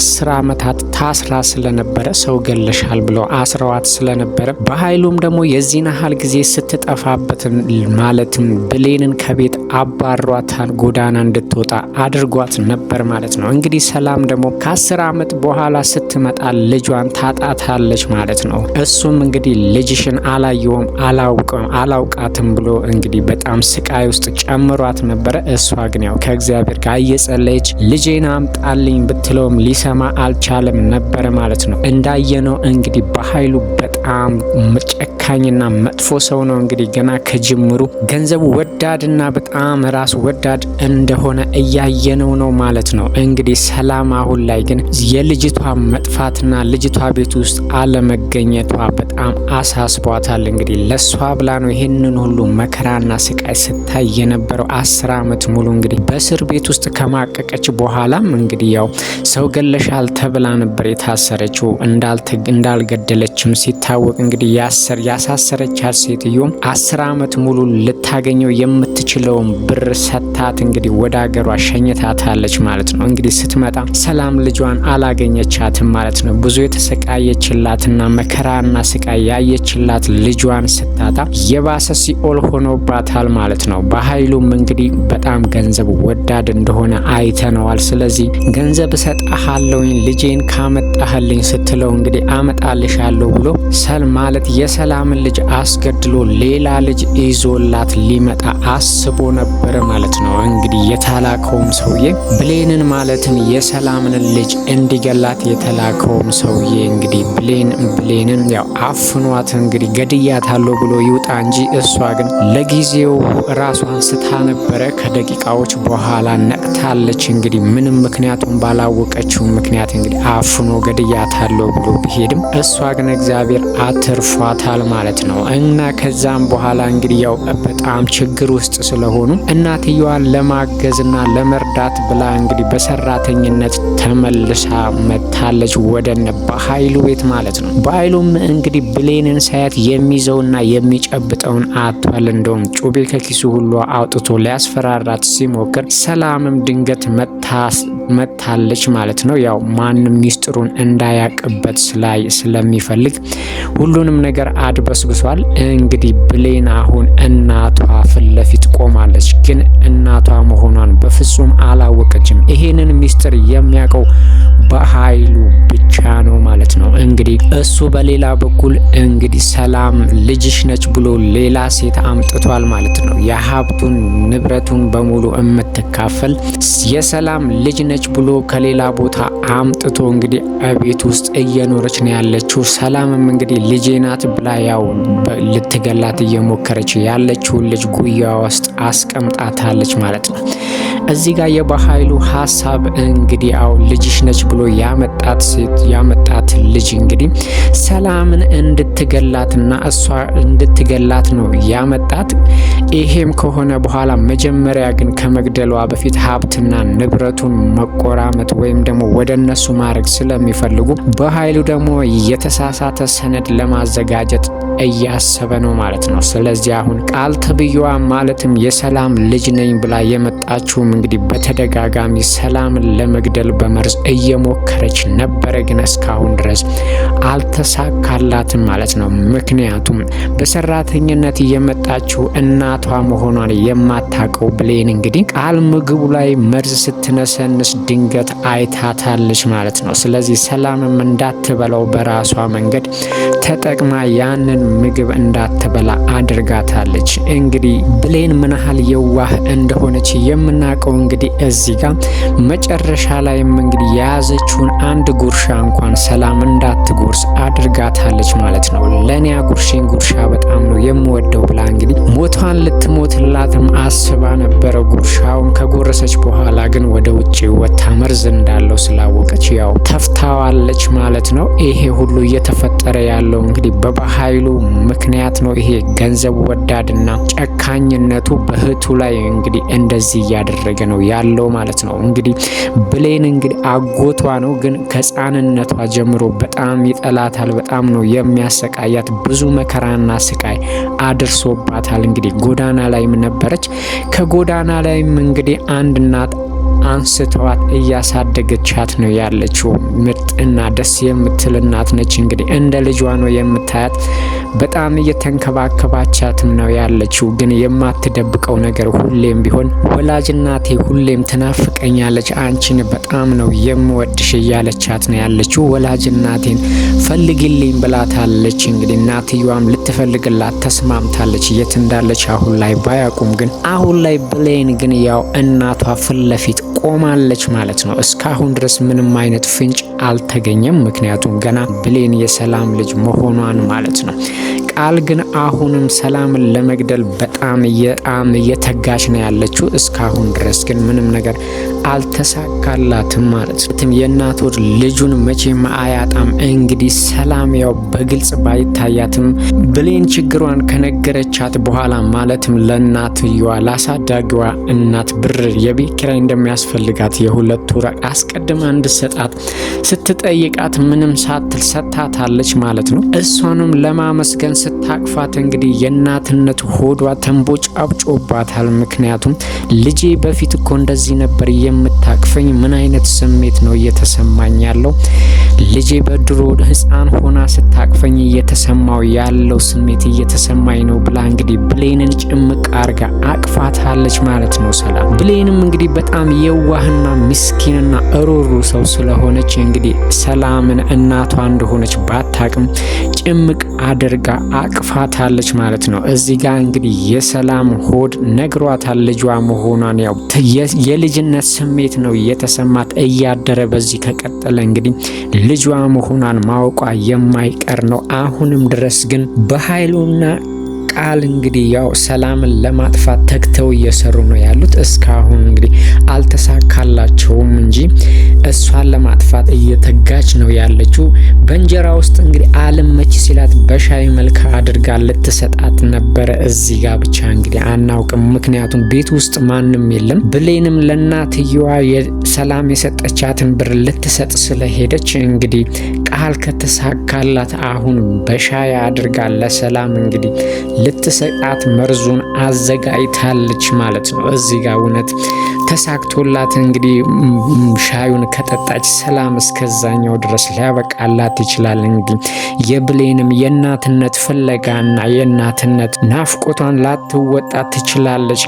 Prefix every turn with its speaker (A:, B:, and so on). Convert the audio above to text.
A: አስር ዓመታት ታስራ ስለነበረ ሰው ገለሻል ብሎ አስረዋት ስለነበረ በኃይሉም ደግሞ የዚህን ያህል ጊዜ ስትጠፋበት ማለትም ብሌንን ከቤት አባሯታን ጎዳና እንድትወጣ አድርጓት ነበር ማለት ነው። እንግዲህ ሰላም ደግሞ ከአስር ዓመት በኋላ ስትመጣ ልጇን ታጣታለች ማለት ነው። እሱም እንግዲህ ልጅሽን አላየውም አላውቅም አላውቃትም ብሎ እንግዲህ በጣም ስቃይ ውስጥ ጨምሯት ነበረ። እሷ ግን ያው ከእግዚአብሔር ጋር እየጸለየች ልጄን አምጣልኝ ብትለውም ሊሰ ሊሰማ አልቻለም ነበረ ማለት ነው። እንዳየነው እንግዲህ በኃይሉ በጣም ጨካኝና መጥፎ ሰው ነው። እንግዲህ ገና ከጅምሩ ገንዘቡ ወዳድና በጣም ራስ ወዳድ እንደሆነ እያየነው ነው ማለት ነው። እንግዲህ ሰላም አሁን ላይ ግን የልጅቷ መጥፋትና ልጅቷ ቤት ውስጥ አለመገኘቷ በጣም አሳስቧታል። እንግዲህ ለሷ ብላ ነው ይህንን ሁሉ መከራና ስቃይ ስታይ የነበረው አስር አመት ሙሉ እንግዲህ በእስር ቤት ውስጥ ከማቀቀች በኋላም እንግዲህ ያው ሰው ገለ ይልሻል ተብላ ነበር የታሰረችው። እንዳልገደለችም ሲታወቅ እንግዲህ ያሳሰረቻት ሴትዮ አስር ዓመት ሙሉ ልታገኘው የምት የምትችለውን ብር ሰታት እንግዲህ ወደ ሀገሯ ሸኝታታለች ማለት ነው። እንግዲህ ስትመጣ ሰላም ልጇን አላገኘቻትም ማለት ነው። ብዙ የተሰቃየችላትና መከራና ስቃይ ያየችላት ልጇን ስታጣ የባሰ ሲኦል ሆኖባታል ማለት ነው። በኃይሉም እንግዲህ በጣም ገንዘብ ወዳድ እንደሆነ አይተነዋል። ስለዚህ ገንዘብ እሰጥሃለሁኝ ልጄን ካመጣህልኝ ስትለው እንግዲህ አመጣልሻለሁ ብሎ ሰል ማለት የሰላምን ልጅ አስገድሎ ሌላ ልጅ ይዞላት ሊመጣ አስ አስቦ ነበረ ማለት ነው። እንግዲህ የተላከውም ሰውዬ ብሌንን ማለትም የሰላምን ልጅ እንዲገላት የተላከውም ሰውዬ እንግዲህ ብሌን ብሌንን ያው አፍኗት እንግዲህ ገድያታለሁ ብሎ ይውጣ እንጂ እሷ ግን ለጊዜው ራሷን ስታ ነበረ። ከደቂቃዎች በኋላ ነቅታለች። እንግዲህ ምንም ምክንያቱን ባላወቀችው ምክንያት እንግዲህ አፍኖ ገድያታለሁ ብሎ ቢሄድም እሷ ግን እግዚአብሔር አትርፏታል ማለት ነው እና ከዛም በኋላ እንግዲህ ያው በጣም ችግር ውስጥ ስለሆኑ እናትየዋን ለማገዝና ለመርዳት ብላ እንግዲህ በሰራተኝነት ተመልሳ መታለች ወደነ በሀይሉ ቤት ማለት ነው። በሀይሉም እንግዲህ ብሌንን ሳያት የሚይዘውና የሚጨብጠውን አቷል። እንደውም ጩቤ ከኪሱ ሁሉ አውጥቶ ሊያስፈራራት ሲሞክር ሰላምም ድንገት መታስ መጥታለች ማለት ነው። ያው ማንም ሚስጥሩን እንዳያቅበት ላይ ስለሚፈልግ ሁሉንም ነገር አድበስብሷል። እንግዲህ ብሌን አሁን እናቷ ፊት ለፊት ቆማለች፣ ግን እናቷ መሆኗን በፍጹም አላወቀችም። ይሄንን ሚስጥር የሚያውቀው በኃይሉ ብቻ ነው ማለት ነው። እንግዲህ እሱ በሌላ በኩል እንግዲህ ሰላም ልጅሽ ነች ብሎ ሌላ ሴት አምጥቷል ማለት ነው። የሀብቱን ንብረቱን በሙሉ የምትካፈል የሰላም ልጅ ነች ትኖራለች ብሎ ከሌላ ቦታ አምጥቶ እንግዲህ እቤት ውስጥ እየኖረች ነው ያለችው። ሰላምም እንግዲህ ልጄ ናት ብላ ያው ልትገላት እየሞከረች ያለችውን ልጅ ጉያ ውስጥ አስቀምጣታለች ማለት ነው። እዚህ ጋር የበኃይሉ ሀሳብ እንግዲህ አው ልጅሽ ነች ብሎ ያመጣት ሴት ያመጣት ልጅ እንግዲህ ሰላምን እንድትገላትና እሷ እንድትገላት ነው ያመጣት። ይሄም ከሆነ በኋላ መጀመሪያ ግን ከመግደሏ በፊት ሀብትና ንብረቱን መቆራመት ወይም ደግሞ ወደ እነሱ ማድረግ ስለሚፈልጉ በኃይሉ ደግሞ የተሳሳተ ሰነድ ለማዘጋጀት እያሰበ ነው ማለት ነው። ስለዚህ አሁን ቃል ተብዬዋ ማለትም የሰላም ልጅ ነኝ ብላ የመጣችውም እንግዲህ በተደጋጋሚ ሰላምን ለመግደል በመርዝ እየሞከረች ነበረ፣ ግን እስካሁን ድረስ አልተሳካላትም ማለት ነው። ምክንያቱም በሰራተኝነት እየመጣችው እናቷ መሆኗን የማታውቀው ብሌን እንግዲህ ቃል ምግቡ ላይ መርዝ ስትነሰንስ ድንገት አይታታለች ማለት ነው። ስለዚህ ሰላምም እንዳትበላው በራሷ መንገድ ተጠቅማ ያንን ምግብ እንዳትበላ አድርጋታለች። እንግዲህ ብሌን ምን ያህል የዋህ እንደሆነች የምናውቀው እንግዲህ እዚህ ጋር መጨረሻ ላይም እንግዲህ የያዘችውን አንድ ጉርሻ እንኳን ሰላም እንዳትጎርስ አድርጋታለች ማለት ነው። ለእኔ ጉርሼን ጉርሻ በጣም ነው የምወደው ብላ እንግዲህ ሞቷን ልትሞትላትም አስባ ነበረ። ጉርሻውን ከጎረሰች በኋላ ግን ወደ ውጭ ወታ መርዝ እንዳለው ስላወቀች ያው ተፍታዋለች ማለት ነው። ይሄ ሁሉ እየተፈጠረ ያለው እንግዲህ በባኃይሉ ምክንያት ነው። ይሄ ገንዘብ ወዳድና ጨካኝነቱ በእህቱ ላይ እንግዲህ እንደዚህ እያደረገ ነው ያለው ማለት ነው። እንግዲህ ብሌን እንግዲህ አጎቷ ነው፣ ግን ከህፃንነቷ ጀምሮ በጣም ይጠላታል። በጣም ነው የሚያሰቃያት። ብዙ መከራና ስቃይ አድርሶባታል። እንግዲህ ጎዳና ላይም ነበረች። ከጎዳና ላይም እንግዲህ አንድ እናት አንስተዋት እያሳደገቻት ነው ያለችው። ምርጥና ደስ የምትል እናት ነች። እንግዲህ እንደ ልጇ ነው የምታያት። በጣም እየተንከባከባቻትም ነው ያለችው። ግን የማትደብቀው ነገር ሁሌም ቢሆን ወላጅ እናቴ ሁሌም ትናፍቀኛለች፣ አንቺን በጣም ነው የምወድሽ እያለቻት ነው ያለችው። ወላጅ እናቴን ፈልግልኝ ብላታለች። እንግዲህ እናትየዋም ልትፈልግላት ተስማምታለች። የት እንዳለች አሁን ላይ ባያውቁም ግን አሁን ላይ ብሌን ግን ያው እናቷ ፊት ለፊት ቆማለች ማለት ነው። እስካሁን ድረስ ምንም አይነት ፍንጭ አልተገኘም። ምክንያቱም ገና ብሌን የሰላም ልጅ መሆኗን ማለት ነው። ቃል ግን አሁንም ሰላምን ለመግደል በጣም የጣም እየተጋች ነው ያለችው። እስካሁን ድረስ ግን ምንም ነገር አልተሳካላትም ማለት ነው። የእናቶች ልጁን መቼም አያጣም። እንግዲህ ሰላም ያው በግልጽ ባይታያትም ብሌን ችግሯን ከነገረቻት በኋላ ማለትም ለእናትየዋ ላሳዳጊዋ እናት ብር የቤት ኪራይ እንደሚያስፈልጋት የሁለት ወር አስቀድማ እንድሰጣት ስትጠይቃት ምንም ሳትል ሰታታለች ማለት ነው። እሷንም ለማመስገን ስታቅፋት እንግዲህ የእናትነት ሆዷ ተንቦጭ አብጮባታል። ምክንያቱም ልጄ በፊት እኮ እንደዚህ ነበር የምታቅፈኝ፣ ምን አይነት ስሜት ነው እየተሰማኝ ያለው? ልጄ በድሮ ሕፃን ሆና ስታቅፈኝ እየተሰማው ያለው ስሜት እየተሰማኝ ነው ብላ እንግዲህ ብሌንን ጭምቅ አርጋ አቅፋታለች ማለት ነው። ሰላም ብሌንም እንግዲህ በጣም የዋህና ምስኪንና እሩሩ ሰው ስለሆነች እንግዲህ ሰላምን እናቷ እንደሆነች ባታቅም ጭምቅ አድርጋ አቅፋታለች ማለት ነው። እዚህ ጋር እንግዲህ የሰላም ሆድ ነግሯታል ልጇ መሆኗን። ያው የልጅነት ስሜት ነው የተሰማት እያደረ በዚህ ከቀጠለ እንግዲህ ልጇ መሆኗን ማወቋ የማይቀር ነው። አሁንም ድረስ ግን በኃይሉና ቃል እንግዲህ ያው ሰላምን ለማጥፋት ተግተው እየሰሩ ነው ያሉት። እስካሁን እንግዲህ አልተሳካላቸውም እንጂ እሷን ለማጥፋት እየተጋች ነው ያለችው። በእንጀራ ውስጥ እንግዲህ አለም መች ሲላት በሻይ መልክ አድርጋ ልትሰጣት ነበረ። እዚህ ጋር ብቻ እንግዲህ አናውቅም፣ ምክንያቱም ቤት ውስጥ ማንም የለም። ብሌንም ለእናትየዋ ሰላም የሰጠቻትን ብር ልትሰጥ ስለሄደች እንግዲህ ቃል ከተሳካላት አሁን በሻይ አድርጋ ለሰላም እንግዲህ ልትሰጣት መርዙን አዘጋጅታለች ማለት ነው። እዚህ ጋር እውነት ተሳክቶላት እንግዲህ ሻዩን ከጠጣች ሰላም እስከዛኛው ድረስ ሊያበቃላት ይችላል። እንግዲህ የብሌንም የእናትነት ፍለጋና የእናትነት ናፍቆቷን ላትወጣ ትችላለች።